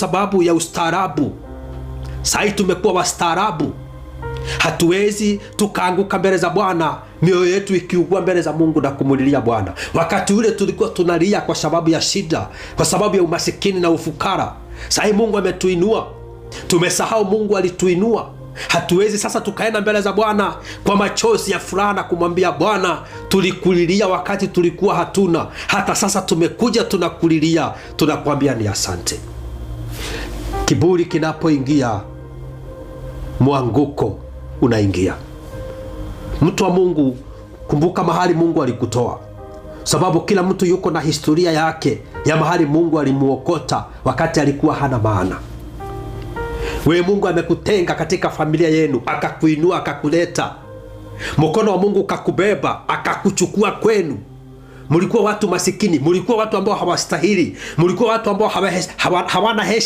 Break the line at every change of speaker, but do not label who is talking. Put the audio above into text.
sababu ya ustaarabu. Sahii tumekuwa wastaarabu, hatuwezi tukaanguka mbele za Bwana mioyo yetu ikiugua mbele za Mungu na kumulilia Bwana. Wakati ule tulikuwa tunalia kwa sababu ya shida, kwa sababu ya umasikini na ufukara. Sahii Mungu ametuinua, tumesahau Mungu alituinua. Hatuwezi sasa tukaenda mbele za Bwana kwa machozi ya furaha na kumwambia Bwana, tulikulilia wakati tulikuwa hatuna, hata sasa tumekuja tunakulilia, tunakuambia ni asante. Kiburi kinapoingia mwanguko unaingia. Mtu wa Mungu, kumbuka mahali Mungu alikutoa, sababu kila mtu yuko na historia yake ya mahali Mungu alimuokota wakati alikuwa hana maana. We, Mungu amekutenga katika familia yenu, akakuinua, akakuleta, mkono wa Mungu kakubeba, akakuchukua kwenu. Mulikuwa watu masikini, mulikuwa watu ambao hawastahili, mulikuwa watu ambao hawana hesha